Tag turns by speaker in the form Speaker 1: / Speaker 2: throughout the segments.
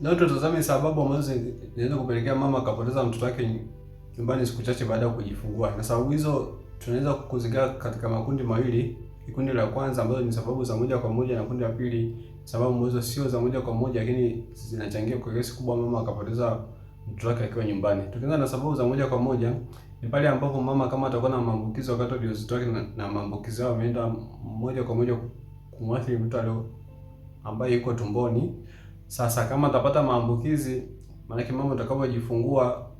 Speaker 1: na tutazame sababu ambazo zinaweza kupelekea mama akapoteza mtoto wake nyumbani siku chache baada ya kujifungua, na sababu hizo tunaweza kuzigawa katika makundi mawili. Kundi la kwanza ambazo ni sababu za moja kwa moja, na kundi la pili sababu ambazo sio za moja kwa moja, lakini zinachangia kwa kiasi kubwa mama akapoteza mtoto wake akiwa nyumbani. Tukianza na sababu za moja kwa moja, ni pale ambapo mama kama atakuwa na maambukizo wakati wa ujauzito wake na, na maambukizi hayo ameenda moja kwa moja kumwathiri mtoto ambaye yuko tumboni sasa kama atapata maambukizi, maanake mama utakapojifungua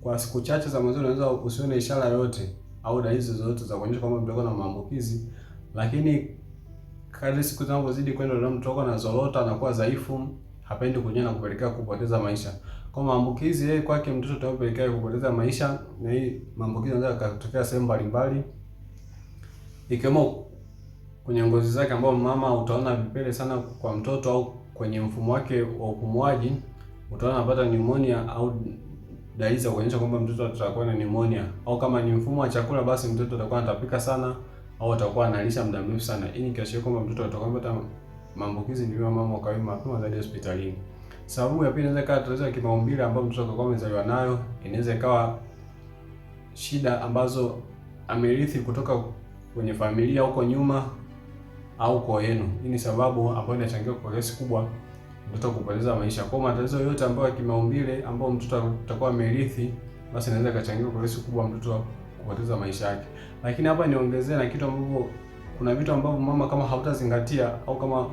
Speaker 1: kwa siku chache za mwanzo unaweza usione ishara yoyote au dalili zozote za kuonyesha kwamba mtoto na maambukizi, lakini kadri siku zinavyozidi kwenda, na mtoto na zorota anakuwa dhaifu, hapendi kunyonya na kupelekea kupoteza maisha. Kwa maambukizi yeye kwake mtoto atakapelekea kupoteza maisha, na hii maambukizi yanaweza kutokea sehemu mbalimbali ikiwemo kwenye ngozi zake, ambao mama utaona vipele sana kwa mtoto au kwenye mfumo wake wa upumuaji, utaona anapata pneumonia au dalili za kuonyesha kwamba mtoto atakuwa na pneumonia, au kama ni mfumo wa chakula, basi mtoto atakuwa anatapika sana au atakuwa analisha muda mrefu sana. Hii ni kiashiria kwamba mtoto atakuwa anapata maambukizi ndio mama wakawi mapema zaidi hospitalini. Sababu ya pili inaweza kuwa tatizo la kimaumbile ambapo mtoto atakuwa amezaliwa nayo, inaweza ikawa shida ambazo amerithi kutoka kwenye familia huko nyuma au koo yenu. Hii ni sababu ambayo inachangia kwa kiasi kubwa mtoto kupoteza maisha. Kwa matatizo yote ambayo kimaumbile ambayo mtoto atakuwa amerithi, basi inaweza kachangia kwa kiasi kubwa mtoto kupoteza maisha yake. Lakini hapa niongezee na kitu ambavyo kuna vitu ambavyo mama, kama hautazingatia au kama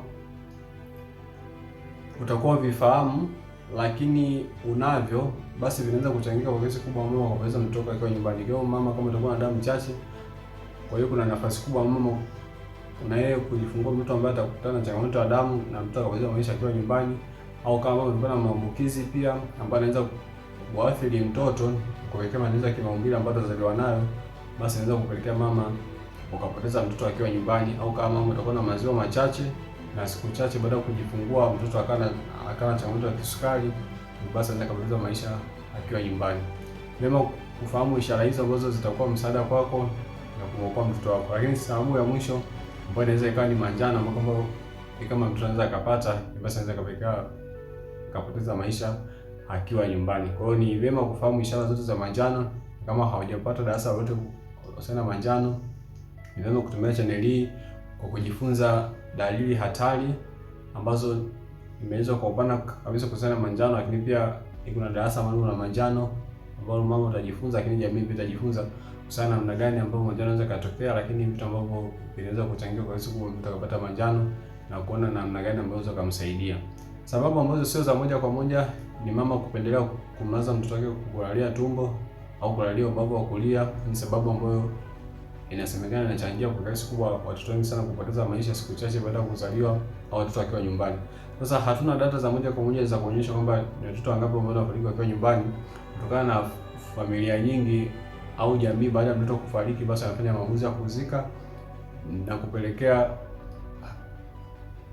Speaker 1: utakuwa vifahamu lakini unavyo, basi vinaweza kuchangia kwa kiasi kubwa mama kupoteza mtoto akiwa nyumbani. Kwa mama, kama utakuwa na damu chache, kwa hiyo kuna nafasi kubwa mama kuna yeye kujifungua mtoto ambaye atakutana na changamoto ya damu na mtoto akaweza maisha akiwa nyumbani, au kama amepata maambukizi pia ambayo anaweza kuathiri mtoto kuelekea maendeleo ya kimaumbile ambayo atazaliwa nayo, basi anaweza kupelekea mama ukapoteza mtoto akiwa nyumbani, au kama mama atakuwa na maziwa machache na siku chache baada ya kujifungua mtoto akana akana changamoto ya kisukari, basi anaweza kupoteza maisha akiwa nyumbani. Vyema kufahamu ishara hizo ambazo zitakuwa msaada kwako na kumwokoa mtoto wako. Lakini sababu ya mwisho ambayo inaweza ikawa ni manjano ambao kwamba ni kama mtu anaweza akapata basi anaweza kapeka kapoteza maisha akiwa nyumbani. Kwa hiyo ni vyema kufahamu ishara zote za manjano. Kama haujapata darasa lolote kuhusiana manjano, ni vyema kutumia channel hii kwa kujifunza dalili hatari ambazo imeelezwa kwa upana kabisa kuhusiana manjano, lakini pia kuna darasa maalum la manjano ambalo mama utajifunza, lakini jamii pia itajifunza sana namna gani ambapo manjano yanaweza katokea, lakini vitu ambavyo vinaweza kuchangia kwa siku mtu akapata manjano na kuona namna gani ambazo kumsaidia. Sababu ambazo sio za moja kwa moja ni mama kupendelea kumlaza mtoto wake kulalia tumbo au kulalia ubavu wa kulia, ni sababu ambayo inasemekana inachangia kwa kiasi kubwa watoto wengi sana kupoteza maisha siku chache baada ya kuzaliwa au watoto wakiwa nyumbani. Sasa hatuna data za moja kwa moja za kuonyesha kwamba ni watoto wangapi ambao wanafariki wakiwa nyumbani kutokana na familia nyingi au jamii baada ya mtoto kufariki, basi anafanya maamuzi ya kuzika na kupelekea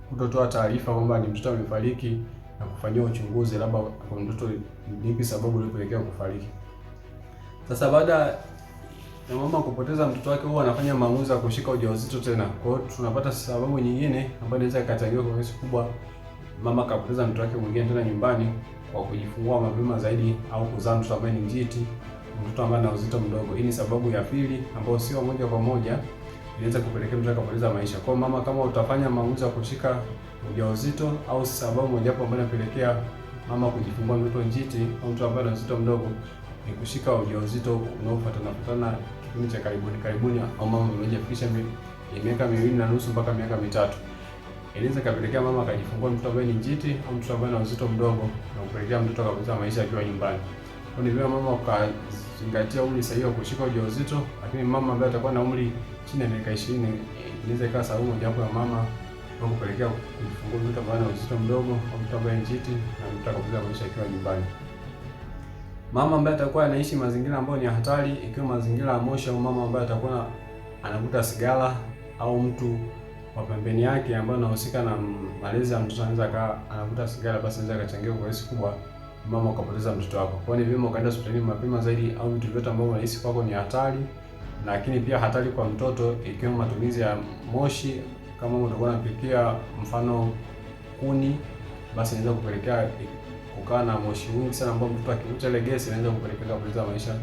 Speaker 1: kutotoa taarifa kwamba ni mtoto amefariki na kufanyia uchunguzi, labda kwa mtoto nipi sababu iliyopelekea kufariki. Sasa baada ya mama kupoteza mtoto wake, huwa anafanya maamuzi ya kushika ujauzito tena. Kwa hiyo tunapata sababu nyingine ambayo inaweza ikachangiwa kwa kiasi kubwa, mama kapoteza mtoto wake mwingine tena nyumbani kwa kujifungua mapema zaidi au kuzaa mtoto ambaye ni njiti mtoto ambaye ana uzito mdogo. Hii ni sababu ya pili ambayo sio moja kwa moja inaweza kupelekea mtu akapoteza maisha. Kwa mama, kama utafanya maamuzi ya kushika ujauzito au sababu mojawapo ambayo inapelekea mama kujifungua mtoto njiti au mtu ambaye ana uzito mdogo ni kushika ujauzito unaofuatana kutana kipindi cha karibuni karibuni, au mama mmoja afikisha miaka miwili na nusu mpaka miaka mitatu inaweza ikapelekea mama akajifungua mtoto ambaye ni njiti au mtoto ambaye ana uzito mdogo na kupelekea mtoto akapoteza maisha akiwa nyumbani. Kwa ni vyema mama ukazingatia umri sahihi wa kushika ujauzito, lakini mama ambaye atakuwa na umri chini ya miaka 20 inaweza ikawa sababu mojawapo ya mama kwa kupelekea kujifungua mtoto ambaye ana uzito mdogo au mtoto ambaye njiti na mtoto akapoteza maisha akiwa nyumbani. Mama ambaye atakuwa anaishi mazingira ambayo ni hatari, ikiwa mazingira ya moshi au mama ambaye atakuwa anavuta sigara au mtu wa pembeni yake ambaye anahusika na malezi ya mtoto anaweza anavuta sigara, basi anaweza akachangia kwa kiasi kubwa mama ukapoteza mtoto wako. Kwa hiyo ni vyema ukaenda hospitalini mapema zaidi, au vitu vyote ambavyo unahisi kwako ni hatari, lakini pia hatari kwa mtoto, ikiwemo matumizi ya moshi. Kama utakuwa unapikia mfano kuni, basi inaweza kupelekea kukaa na moshi mwingi sana, ambao mtoto akivuta ile gesi inaweza kupelekea kupoteza maisha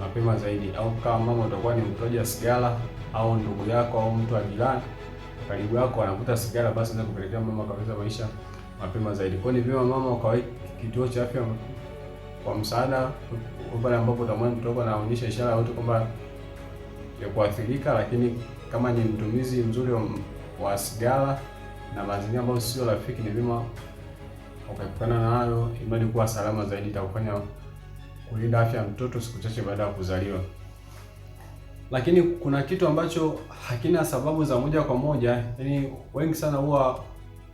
Speaker 1: mapema zaidi. Au kama mama utakuwa ni mtoja sigara, au ndugu yako au mtu wa jirani karibu yako anavuta sigara, basi inaweza kupelekea mama kupoteza maisha mapema zaidi. Kwa hiyo ni vyema mama ukawahi kituo cha afya kwa msaada pale ambapo utamwona mtoto wako anaonyesha ishara yoyote kwamba ya kuathirika, lakini kama ni mtumizi mzuri wa sigara na mazingira ambayo sio rafiki, ni vyema ukaepukana nayo, imani kuwa salama zaidi itakufanya kulinda afya ya mtoto siku chache baada ya kuzaliwa. Lakini kuna kitu ambacho hakina sababu za moja kwa moja, yaani wengi sana huwa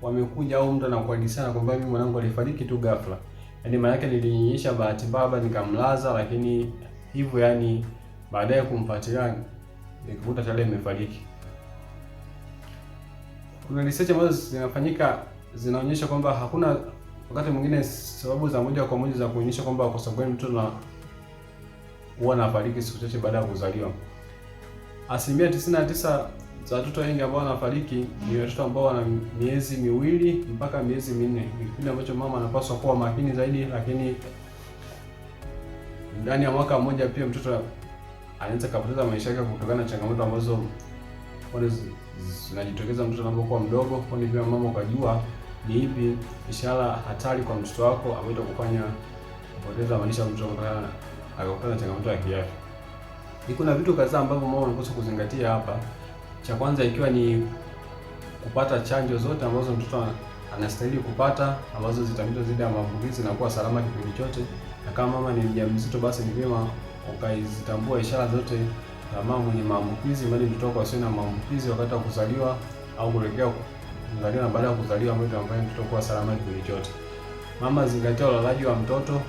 Speaker 1: wamekuja au mtu anakuhadisia kwamba mimi mwanangu alifariki tu ghafla, yaani maana yake nilinyonyesha bahati baba nikamlaza, lakini hivyo yani baadaye kumfuatilia nikakuta tarehe imefariki. Kuna research ambazo zinafanyika zinaonyesha kwamba hakuna wakati mwingine sababu za moja kwa moja za kuonyesha kwamba kwa sababu mtu na huwa anafariki siku chache baada ya kuzaliwa. Asilimia 99 za watoto wengi ambao wanafariki ni watoto ambao wana miezi miwili mpaka miezi minne, kipindi ambacho mama anapaswa kuwa makini zaidi. Lakini ndani ya mwaka mmoja pia mtoto anaweza kapoteza maisha yake kutokana na changamoto ambazo zinajitokeza mtoto anapokuwa mdogo. Kwa ni vyema mama ukajua ni ipi ishara hatari kwa mtoto wako ambayo itakufanya kupoteza maisha mtoto kutokana akakutana na changamoto ya kiafya. Ni kuna vitu kadhaa ambavyo mama anapaswa kuzingatia hapa cha kwanza ikiwa ni kupata chanjo zote ambazo mtoto anastahili kupata ambazo zitamlinda zile ya maambukizi na kuwa salama kipindi chote, na kama mama ni mjamzito, basi ni vyema ukazitambua ishara zote za mama mwenye maambukizi ili mtoto wako asiwe na maambukizi wakati wa kuzaliwa au kuelekea kuzaliwa na baada ya kuzaliwa, ambayo ambaye mtoto kuwa salama kipindi chote. Mama, zingatia ulalaji wa mtoto,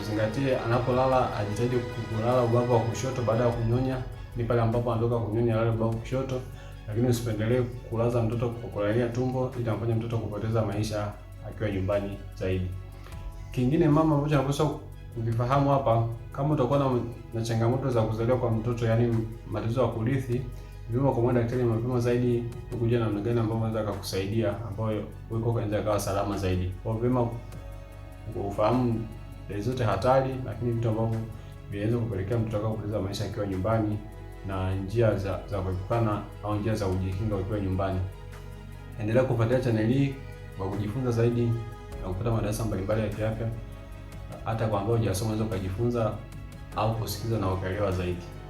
Speaker 1: uzingatie anapolala, ajitahidi kulala ubavu wa kushoto baada ya kunyonya ni pale ambapo anatoka kunyonya lale ubavu kushoto, lakini usipendelee kulaza mtoto kwa kulalia tumbo, itamfanya mtoto kupoteza maisha akiwa nyumbani zaidi. Kingine mama ambacho anapaswa kuvifahamu hapa, kama utakuwa na, na changamoto za kuzaliwa kwa mtoto, yani matatizo ya kurithi, vipimo kwa mwana daktari mapema zaidi ukujua namna gani ambayo anaweza akakusaidia, ambayo uko kanaweza kawa salama zaidi. Kwa vema ufahamu zote hatari, lakini vitu ambavyo vinaweza kupelekea mtoto akapoteza maisha akiwa nyumbani na njia za za kuepukana au njia za kujikinga ukiwa nyumbani. Endelea kufuatilia chaneli hii kwa kujifunza zaidi na kupata madarasa mbalimbali ya kiafya. Hata kwa ambao hujasoma unaweza ukajifunza au kusikiza na ukaelewa zaidi.